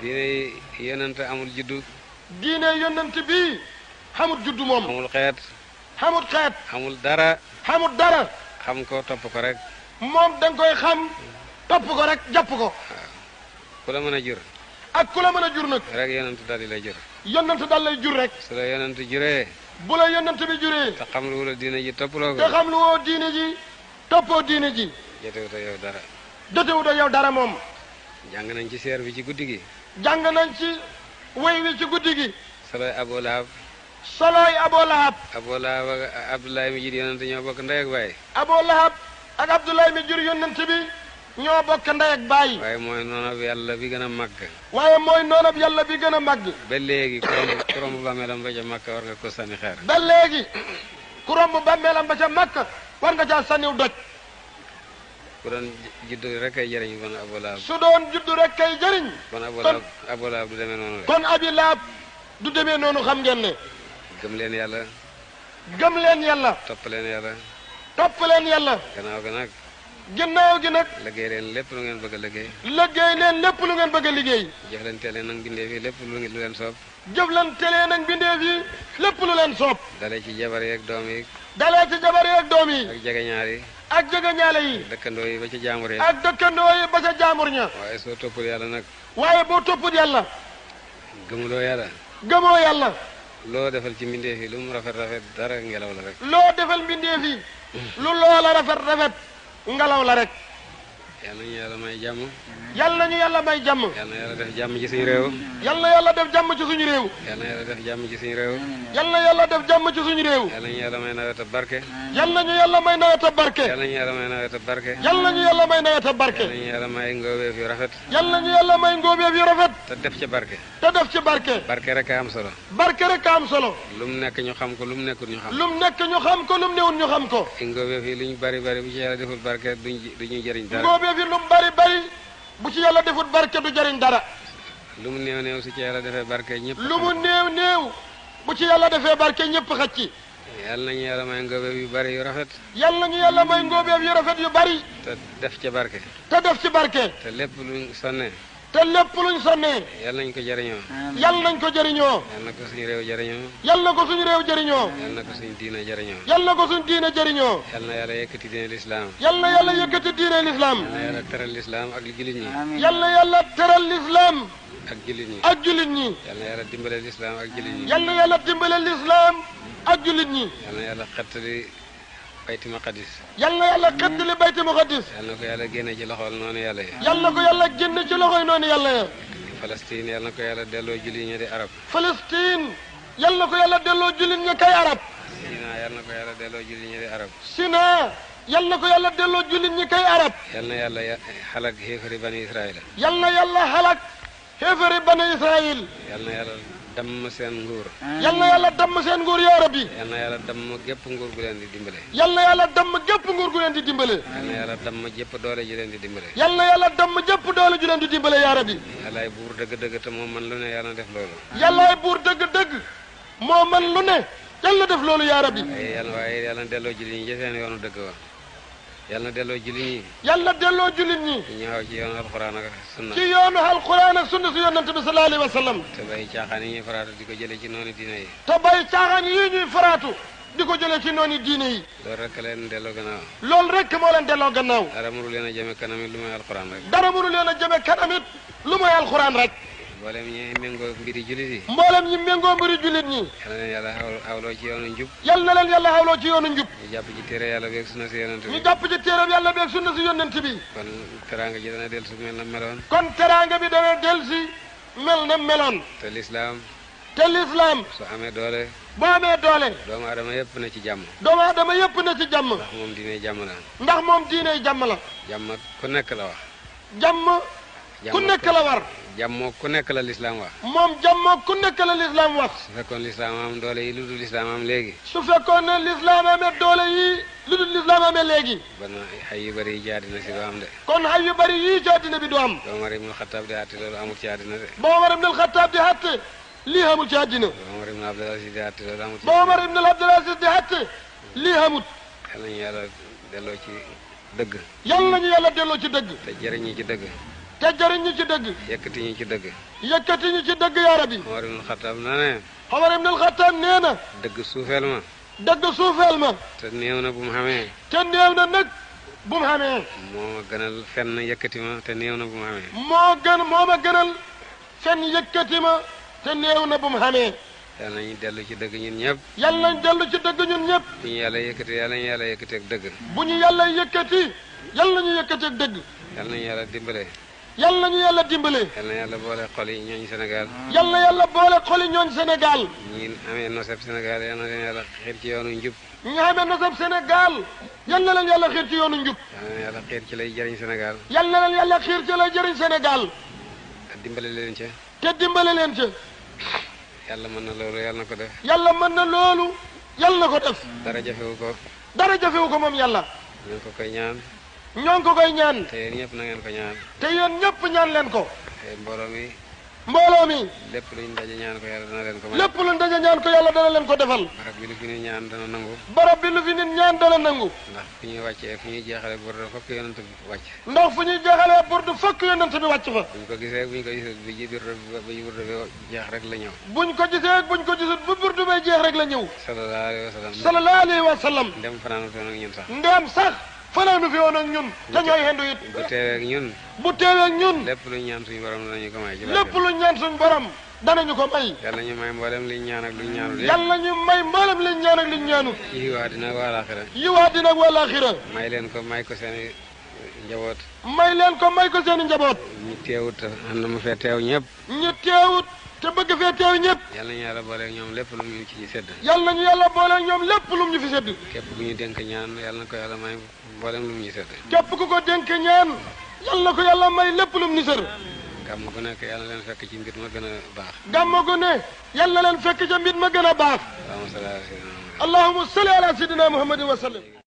diine yonent amul juddu. diine yonent bi xamul juddu moom. amul xeet. xamul xeet. amul dara. xamut dara. xam ko topp ko rek. moom da koy xam topp ko rek jàpp ko. waaw ku la mën a jur. ak ku la mën a jur nag. rek yonent daal di lay jur. yonent daal lay jur rek. su la yonent juree. bu la yonent bi juree. te xam lu woo diine ji toppaloo ko. te ji toppoo diine ji. jotewut a yow dara. jotewut a yow dara moom. jàng nañ ci seer bi ci guddi gi. jàng nañ ci wéy ci guddi gi. soloy Abu Lahab. soloy Abu Lahab. Abu Lahab ak Abdoulaye mi jur yonent ñoo bokk ndey ak baay. Abu Lahab ak Abdoulaye mi jur yonent bi ñoo bokk ndey ak baay. waaye mooy noonab yàlla bi gën a màgg. waaye mooy noonab yàlla bi gën a màgg. ba léegi kurom kurom bàmmeelam ba ca Makka war nga ko sànni xeer. ba léegi kurom bàmmeelam ba ca Makka war nga ca sànniw doj. ku doon rek kay jëriñ kon Abu Lahab. su doon rek kay jëriñ. kon Abu Lahab Abu Lahab du demee noonu kon Abi demee noonu xam ngeen ne. gëm leen yàlla. gëm leen yàlla. topp leen yàlla. topp leen yàlla. gannaaw gi nag. gi nag. liggéey leen lépp lu ngeen bëgg a liggéey. liggéey leen lépp lu ngeen bëgg a liggéey. jëflante leen nag bindee fii lépp lu leen soob. jëflante leen ak bindee fii lépp lu leen soob. dalee ci jabar yi ak doom yi. dalee ci jabar yi ak doom yi ak jege ñaale yi. dëkkandoo yi ba ca jaamur ya. ak dëkkandoo yi ba ña. waaye soo toppul yàlla nag. waaye boo toppul yàlla. gëmuloo yàlla. gëmoo yàlla. loo defal ci mbindeef yi lu rafet rafet dara ngelaw la rek. loo defal mbindeef yi. lu loola rafet rafet ngelaw la rek. yal na ñu yàlla may jàmm. yal na ñu yàlla may jàmm. yal na yàlla def jàmm ci suñu réew. yal na yàlla def jàmm ci suñu réew. yal na yàlla def jàmm ci suñu réew. yal na yàlla def jàmm ci suñu réew. yal na ñu yàlla may nawet ab barke. yal na ñu yàlla may nawet ab barke. yal na ñu yàlla may nawet ab barke. yal na ñu yàlla may nawet ab barke. yal na ñu yàlla may ngóobeef yu rafet. yal na ñu yàlla may ngóobeef yu rafet. te def ci barke. te def ci barke. barke rek a am solo. barke rek a am solo. lu mu nekk ñu xam ko lu mu nekkul ñu xam ko. lu mu nekk ñu xam ko lu mu newul ñu xam ko. ngóobeef yi lu ñu bari bari bu ci yàlla deful barke duñu jëriñ dara yëf yi lu mu bari bari bu ci yàlla defut barke du jariñ dara. lu mu néew néew su ci yàlla defee barke ñëpp. lu mu néew néew bu ci yàlla defee barke ñëpp xaj ci. yàlla nañu yàlla may ngóobeef yu bari yu rafet. yàlla nañu yàlla may ngóobeef yu rafet yu bari. te def ci barke. te def ci barke. te lépp luñ sonnee. te lépp luñ sonnee. yal nañ ko jëriñoo. yal nañ ko jëriñoo. yal na ko suñu réew jëriñoo. yal na ko suñu réew jëriñoo. yal na ko suñu diina jëriñoo. yal na ko suñu diina jëriñoo. yal na yàlla yëkkati diine lislaam. yal na yàlla yëkkati diine lislaam. yal teral lislaam ak jullit ñi. yal na yàlla teral lislaam. ak jullit ñi yal na yàlla dimbale lislaam ak jullit ñi. yal na yàlla dimbale lislaam ak jullit ñi. bayti maqadis yal na yàlla xettali bayti maqadis yal na ko yàlla génne ci loxol noonu yàlla ya yal na ko yàlla génne ci loxoy noonu yàlla ya Palestine yal na ko yàlla delloo julli ña di arab Palestine yal na ko yàlla delloo julli ña kay arab Sina yal na ko yàlla delloo julli ña di arab Sina yal na ko yàlla delloo jullit ñi kay arab yal na yàlla xalak xéefari bani israil yal na yàlla xalak xéefari bani israil yal na yàlla damm seen nguur yal na yàlla damm seen nguur yaa bi yal na yàlla damm gépp nguur gu leen di dimbale yal na yàlla damm gépp nguur gu leen di dimbale yal na yàlla damm jëpp doole ji leen di dimbale yal na yàlla damm jëpp doole ju leen di dimbale yaa rabbi yàllaay buur dëgg-dëgg te moo man lu ne yàlla def loolu yàllaay buur dëgg-dëgg moo man lu ne yàlla def loolu yaa rabbi waaye yàlla delloo ji li ñu seen yoonu dëgg wa yàlla na delloo jullit ñi. yàlla na delloo jullit ñi. ñu xaw ci yoonu alquran ak sunna. ci yoonu alquran ak sunna si yonent bi sallallahu alayhi wa sallam. te bàyyi caaxaan yi ñuy faraatu di ko jëlee ci noonu diine yi. te bàyyi caaxaan yi ñuy loolu rek leen delloo gannaaw. loolu rek moo leen delloo gannaaw. dara mënu leen a jëme kanam it lu mooy alquran rek. dara mënu leen a jëme kanam it lu mooy alquran rek. mboolem ñi méngoo mbiri jullit yi mboolem ñi méngoo mbiri jullit ñi yal na leen yàlla xawloo ci yoonu njub yal na leen yàlla xawloo ci yoonu njub ñu jàpp ci téere yàlla beeg sunna si yonent bi ñu jàpp ci téere yàlla beeg sunna si yonent bi kon teraanga ji dana del si mel na meloon kon teraanga bi dana del si mel na meloon te lislaam te lislaam su amee doole boo amee doole doomu adama yëpp na ci jàmm doomu adama yëpp na ci jàmm ndax moom diine jàmm la ndax moom diine jàmm la jàmm ku nekk la wax jàmm ku nekk la war jàmmoo ku nekk la lislaam wax moom jàmmoo ku nekk la lislaam wax su fekkoon lislaam am doole yi lu dul lislaam am léegi su fekkoon ne lislaam amee doole yi lu dul lislaam amee léegi ban xay yu bëri yi ci àddina si doo am de kon xay yu bëri yii ci àddina bi du am ba Omar ibnul Xataab di àtte loolu amul ci àddina de ba Omar ibnul Xataab di àtte lii amul ci àddina ba Omar ibnul Abdul Aziz di àtte loolu amul ba Omar ibnul delloo ci dëgg yàlla nañu yàlla delloo ci dëgg te jëriñu ci dëgg te jariñ ñu ci dëgg. yëkkati ñi ci dëgg. yëkkati ñu ci dëgg yaa rabbi. Omar ibn Khattab na ne. Omar nee na. dëgg suufeel ma. dëgg suufeel ma. te néew na bu mu xamee. te néew na nag bu mu xamee. moo gënal fenn yëkkati ma te néew na bu mu xamee. moo gën moo ma gënal fenn yëkkati ma te néew na bu mu xamee. yal nañu dellu ci dëgg ñun ñëpp. yal nañ dellu ci dëgg ñun ñëpp. bu ñu yàlla yëkkati yal nañu yàlla yëkkati ak dëgg. bu yàlla yëkkati yal nañu yëkkati ak dëgg. yal nañu yàlla dimbale. yal na ñu yàlla dimbale. yal na yàlla boole xol yi ñooñu Sénégal. yàlla boole xol yi ñooñu Sénégal. ñi amee noseb Sénégal yal na leen yàlla xiir ci yoonu njub. ñi nga xamee noseb Sénégal yal na leen yàlla xiir ci yoonu njub. yal na leen yàlla xiir ci lay jëriñ Sénégal. yal na leen yàlla xiir ci lay jëriñ Sénégal. dimbale leen ca. te dimbale leen ca. yàlla mën na loolu yàlla na ko def. yàlla mën na loolu yàlla na ko def. dara jafewu ko. dara jafewu ko moom yàlla. ñu ko koy ñaan. ñoo ngi ko koy ñaan. te yéen ñëpp na ngeen ko ñaan. te yéen ñëpp ñaan leen ko. te mbooloo mi. mbooloo mi. lépp luñ daje ñaan ko yàlla dana leen ko may. lépp luñ daje ñaan ko yàlla dana leen ko defal. barab bi lu fi nit ñaan dana nangu. barab bi lu fi nit ñaan dana nangu. ndax fu ñuy wàccee fu ñuy jeexalee burdu fokk yonent bi wàcc. ndax fu ñuy jeexalee burdu fokk yonent bi wàcc fa. buñ ko gisee buñ ko gisut bi ji burdu bi burdu bi jeex rek la ñëw. buñ ko gisee buñ ko gisut bu burdu bay jeex rek la ñëw. sallallahu alayhi wa sallam. sallallahu alayhi wa sallam. ndem fanaanu a ak ñun sax. ndem sax fanaanu fi woon ak ñun. te ñooy hendu bu teewee ak ñun. bu teewee ak ñun. lépp lu ñaan suñu borom danañu ko may. ci lépp lu ñaan suñu borom danañu ko may. yàlla ñu may mboolem liñ ñaan ak liñ ñaanut. yàlla ñu may mboolem liñ ñaan ak liñ ñaanut. yiw àddina ak àllaaxira. yiw àddina ak àllaaxira. may leen ko may ko seen njaboot. may leen ko may ko seen njaboot. ñu teewut am na mu fee teew ñëpp. ñu teewut. te bëgg fee teew ñëpp yal nañu yàlla booleeg ñoom lépp lu ñu ci ñu sedd yal nañu yàlla booleeg ñoom lépp lu ñu fi sedd képp ku ñu dénk ñaan yal na ko yàlla may booleeg lu mu ñu sedd képp ku ko dénk ñaan yal na ko yàlla may lépp lu mu ñu sedd gàmm gu nekk yal na leen fekk ci mbir ma gën a baax gàmm gu ne yal na leen fekk ca mbir ma gën a baax allahumma salli ala sayyidina muhammadin wa